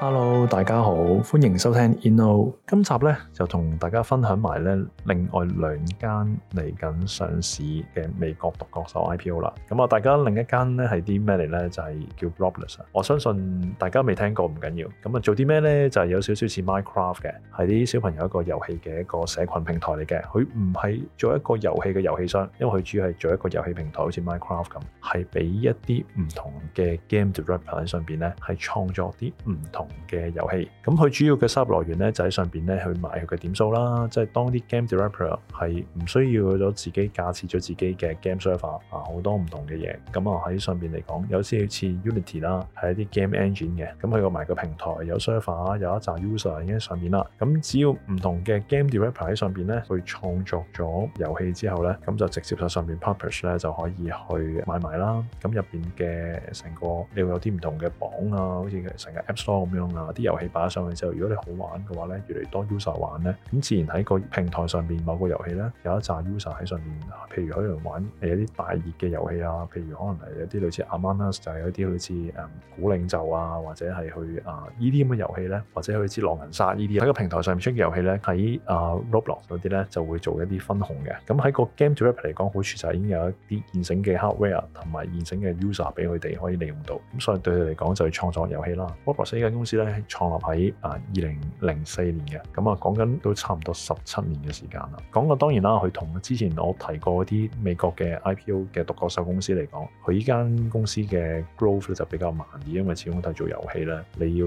Hello，大家好，歡迎收聽 Inno。今集咧就同大家分享埋咧另外兩間嚟緊上市嘅美國獨角獸 IPO 啦。咁啊，大家另一間咧係啲咩嚟咧？就係叫 Roblox。我相信大家未聽過唔緊要。咁啊，做啲咩咧？就係有少少似 Minecraft 嘅，係啲小朋友一個遊戲嘅一個社群平台嚟嘅。佢唔係做一個遊戲嘅遊戲商，因為佢主要係做一個遊戲平台，好似 Minecraft 咁，係俾一啲唔同嘅 game developer 喺上邊咧，係創作啲唔同嘅遊戲，咁佢主要嘅收入來源咧就喺上面咧去買佢嘅點數啦，即係當啲 game developer 係唔需要咗自己架設咗自己嘅 game server 啊，好多唔同嘅嘢，咁啊喺上面嚟講有啲似 Unity 啦，係一啲 game engine 嘅，咁佢個埋個平台有 server，有一紮 user 已經喺上面啦，咁只要唔同嘅 game developer 喺上面咧去創作咗遊戲之後咧，咁就直接喺上面 publish 咧就可以去買埋啦，咁入面嘅成個你會有啲唔同嘅榜啊，好似成個 App Store 咁。啊啲遊戲擺上去之後，如果你好玩嘅話咧，越嚟越多 user 玩咧，咁自然喺個平台上面某個遊戲咧有一扎 user 喺上面，譬如可能玩一啲大熱嘅遊戲啊，譬如可能係有啲類似《阿曼達》就有一啲類似誒《古領袖啊，或者係去啊依啲咁嘅遊戲咧，或者係啲《狼人殺》依啲喺個平台上面出嘅遊戲咧，喺啊、uh, Roblox 嗰啲咧就會做一啲分紅嘅。咁喺個 Game Developer 嚟講，好處就係已經有一啲現成嘅 hardware 同埋現成嘅 user 俾佢哋可以利用到。咁所以對佢嚟講就係創作遊戲啦。Roblox 呢間公司。咧創立喺啊二零零四年嘅，咁啊講緊都差唔多十七年嘅時間啦。講緊當然啦，佢同之前我提過啲美國嘅 IPO 嘅獨角獸公司嚟講，佢依間公司嘅 growth 就比較慢啲，因為始終都係做遊戲咧，你要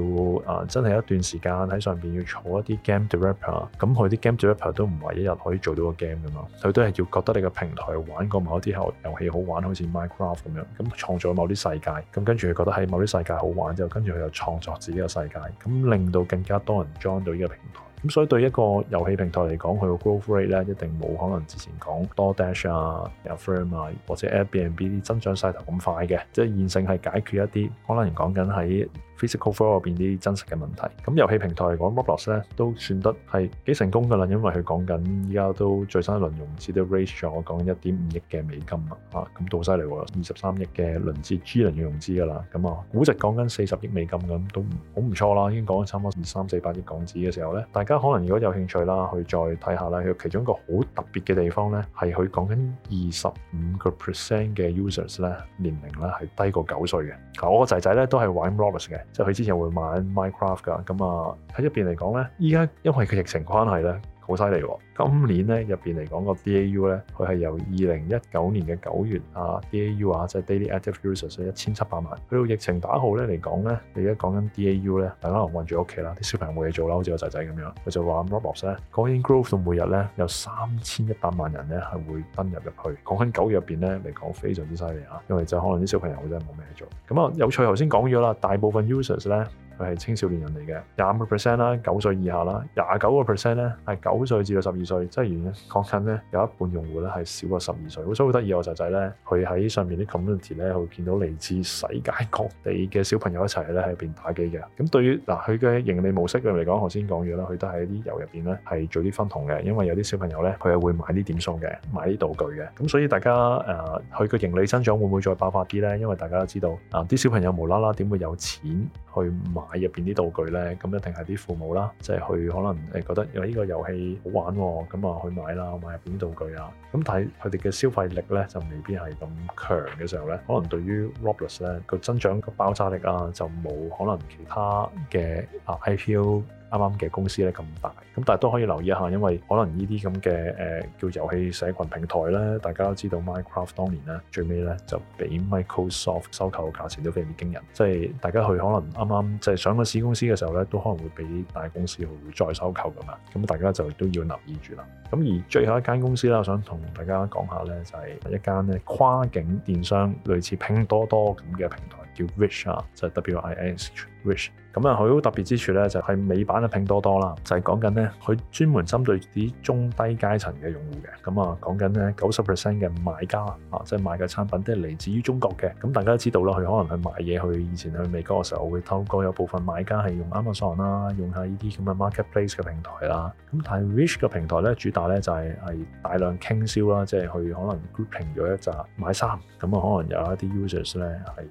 啊真係一段時間喺上邊要儲一啲 game director 咁佢啲 game director 都唔係一日可以做到個 game 噶嘛，佢都係要覺得你個平台玩過某啲後遊戲好玩，好似 Minecraft 咁樣，咁創造某啲世界，咁跟住佢覺得喺某啲世界好玩之後，跟住佢又創作自己嘅。世界咁令到更加多人 join 到呢個平台，咁所以對一個遊戲平台嚟講，佢個 growth rate 咧一定冇可能之前講 DoorDash 啊、Affirm 啊，啊或者 Airbnb 啲增長勢頭咁快嘅，即係現成係解決一啲，可能講緊喺。Physical World 入邊啲真實嘅問題，咁遊戲平台嚟講，Roblox 咧都算得係幾成功㗎啦，因為佢講緊依家都最新一輪融資都 Raise 咗我講緊一點五億嘅美金啊，嚇咁到犀利喎，二十三億嘅輪資 G 輪嘅融資㗎啦，咁啊估值講緊四十億美金咁都好唔錯啦，已經講到差唔多二三四百億港紙嘅時候咧，大家可能如果有興趣啦，去再睇下啦，佢其中一個好特別嘅地方咧，係佢講緊二十五個 percent 嘅 users 咧年齡咧係低過九歲嘅，啊我個仔仔咧都係玩 Roblox 嘅。就佢之前會買 Minecraft 㗎，咁啊喺入面嚟講呢，依家因為佢疫情關係呢。好犀利喎！今年咧入面嚟講個 DAU 咧，佢係由二零一九年嘅九月啊、yeah，DAU 啊，即係 daily active users 一千七百萬。去到疫情打好咧嚟講咧，你而家講緊 DAU 咧，大家可能困住屋企啦，啲小朋友冇嘢做啦，好似我仔仔咁樣，佢就話 Roblox，講緊 growth 到每日咧有三千一百萬人咧係會登入入去。講緊九月入邊咧嚟講非常之犀利啊，因為就可能啲小朋友真係冇咩做。咁啊，有趣頭先講咗啦，大部分 users 咧。佢係青少年人嚟嘅，廿五個 percent 啦，九歲以下啦，廿九個 percent 咧係九歲至到十二歲，即係接近咧有一半用戶咧係少過十二歲。所以好得意嘅就係咧，佢喺上面啲 community 咧，佢會見到嚟自世界各地嘅小朋友一齊咧喺入邊打機嘅。咁對於嗱佢嘅盈利模式嘅嚟講，我先講咗啦，佢都喺啲油入邊咧係做啲分紅嘅，因為有啲小朋友咧佢係會買啲點數嘅，買啲道具嘅。咁所以大家誒佢嘅盈利增長會唔會再爆發啲咧？因為大家都知道嗱啲小朋友無啦啦點會有錢？去買入面啲道具咧，咁一定係啲父母啦，即係去可能誒覺得有呢個遊戲好玩喎、哦，咁啊去買啦，買入啲道具啊，咁睇佢哋嘅消費力咧就未必係咁強嘅時候咧，可能對於 Roblox 咧個增長個爆炸力啊，就冇可能其他嘅啊 IPO。啱啱嘅公司咧咁大，咁但係都可以留意一下，因為可能呢啲咁嘅誒叫遊戲社群平台咧，大家都知道 Minecraft 當年咧最尾咧就俾 Microsoft 收購嘅價錢都非常之驚人，即係大家去可能啱啱即係上個市公司嘅時候咧，都可能會俾大公司去再收購㗎嘛，咁大家就都要留意住啦。咁而最後一間公司咧，我想同大家講下咧，就係、是、一間咧跨境電商類似拼多多咁嘅平台，叫 Wish 啊，就係 W I S Wish。咁啊，佢好特別之處咧，就係、是、美版嘅拼多多啦，就係講緊咧，佢專門針對啲中低階層嘅用戶嘅。咁啊，講緊咧，九十 percent 嘅買家啊，即係買嘅產品都係嚟自於中國嘅。咁大家都知道啦，佢可能去買嘢，去以前去美國嘅時候，會透過有部分買家係用 Amazon 啦、啊，用下呢啲咁嘅 marketplace 嘅平台啦。咁、啊、但係 Wish 嘅平台咧，主打咧就係、是、大量傾銷啦，即、啊、係、就是、去可能 grouping 咗一紮買衫。咁啊，可能有一啲 users 咧係誒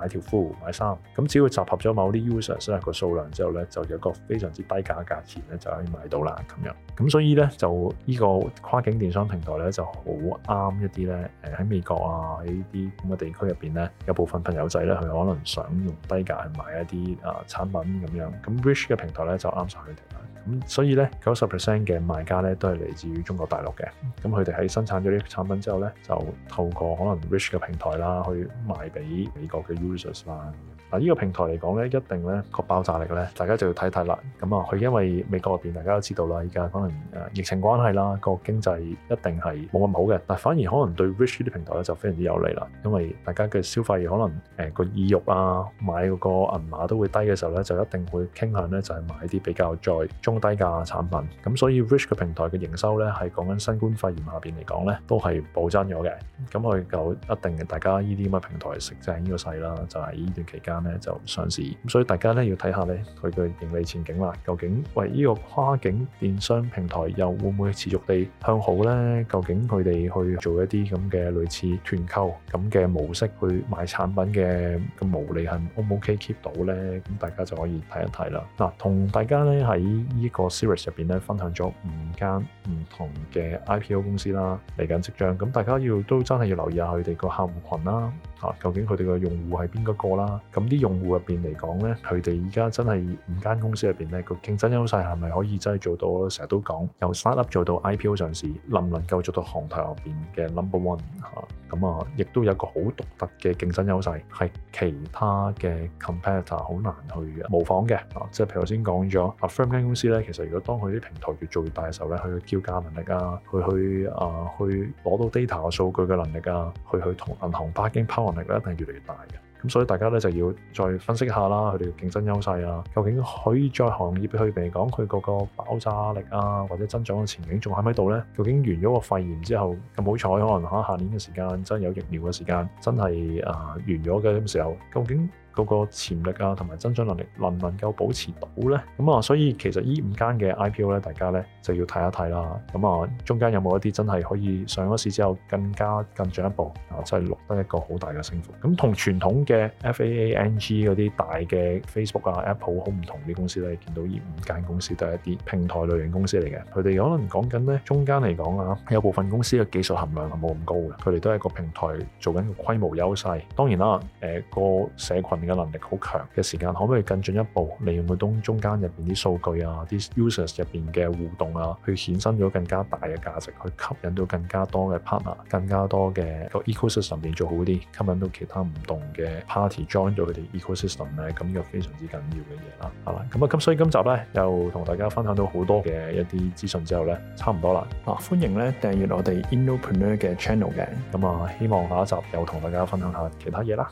買條褲買衫。咁只要集合咗某啲 users 想、嗰個數量之後咧，就有個非常之低價嘅價錢咧，就可以買到啦咁樣。咁所以咧，就呢個跨境電商平台咧，就好啱一啲咧。誒喺美國啊，喺呢啲咁嘅地區入邊咧，有部分朋友仔咧，佢可能想用低價去買一啲啊產品咁樣。咁 Wish 嘅平台咧就啱曬佢哋啦。咁所以咧，九十 percent 嘅賣家咧都係嚟自於中國大陸嘅。咁佢哋喺生產咗啲產品之後咧，就透過可能 Wish 嘅平台啦，去賣俾美國嘅 Users 啦。嗱，依個平台嚟講咧，一定咧個爆炸力咧，大家就要睇睇啦。咁啊，佢因為美國入面大家都知道啦，依家可能疫情關係啦，個經濟一定係冇咁好嘅。但反而可能對 Wish 呢啲平台咧就非常之有利啦，因為大家嘅消費可能誒個意欲啊，買嗰個銀碼都會低嘅時候咧，就一定會傾向咧就係買啲比較再中低價產品。咁所以 Wish 嘅平台嘅營收咧，係講緊新冠肺炎下面嚟講咧，都係暴增咗嘅。咁佢有一定嘅，大家呢啲咁嘅平台食正呢個勢啦，就係呢段期間，咧就上市，咁所以大家咧要睇下咧佢嘅盈利前景啦。究竟喂呢、這個跨境電商平台又會唔會持續地向好咧？究竟佢哋去做一啲咁嘅類似團購咁嘅模式去賣產品嘅咁無利恒 OK 唔 OK keep 到咧？咁大家就可以睇一睇啦。嗱、啊，同大家咧喺呢在這個 series 入邊咧分享咗五間唔同嘅 IPO 公司啦，嚟緊即將，咁大家要都真係要留意下佢哋個客戶群啦。啊、究竟佢哋嘅用戶係邊個啦？咁啲用戶入邊嚟講咧，佢哋而家真係五間公司入邊咧個競爭優勢係咪可以真係做到？成日都講由 startup 做到 IPO 上市，能唔能夠做到行頭入邊嘅 number one？嚇、啊，咁啊亦、啊、都有個好獨特嘅競爭優勢，係其他嘅 competitor 好難去模仿嘅。啊，即係譬如我先講咗，firm 間公司咧，其實如果當佢啲平台越做越大嘅時候咧，佢嘅叫價能力啊，佢去啊去攞到 data 啊數據嘅能力啊，去去同銀、啊啊、行、基金、力一定係越嚟越大嘅，咁所以大家咧就要再分析下啦，佢哋嘅競爭優勢啊，究竟佢在行業可以嚟講，佢個個爆炸力啊，或者增長嘅前景仲喺咪喺度咧？究竟完咗個肺炎之後咁好彩，可能下年嘅時間真係有疫苗嘅時間，真係啊、呃、完咗嘅時候，究竟，嗰個潛力啊，同埋增長能力能唔能夠保持到呢？咁啊，所以其實呢五間嘅 IPO 咧，大家咧就要睇一睇啦。咁啊，中間有冇一啲真係可以上咗市之後更加更進一步啊，即係錄得一個好大嘅升幅。咁同傳統嘅 FAANG 嗰啲大嘅 Facebook 啊、Apple 好唔同，啲公司咧見到呢五間公司都係一啲平台類型公司嚟嘅，佢哋可能講緊呢，中間嚟講啊，有部分公司嘅技術含量係冇咁高嘅，佢哋都係個平台做緊個規模優勢。當然啦，誒、欸那個社群，嘅能力好強嘅時間，可唔可以更進一步利用到中中間入面啲數據啊、啲 users 入面嘅互動啊，去衍生咗更加大嘅價值，去吸引到更加多嘅 partner、更加多嘅 ecosystem 入面做好啲，吸引到其他唔同嘅 party join 咗佢哋 ecosystem 咧，咁個非常之緊要嘅嘢啦。好、嗯、啦，咁啊，咁所以今集咧又同大家分享到好多嘅一啲資訊之後咧，差唔多啦。嗱、啊，歡迎咧訂閱我哋 Innopreneur 嘅 channel 嘅，咁啊，希望下一集又同大家分享下其他嘢啦。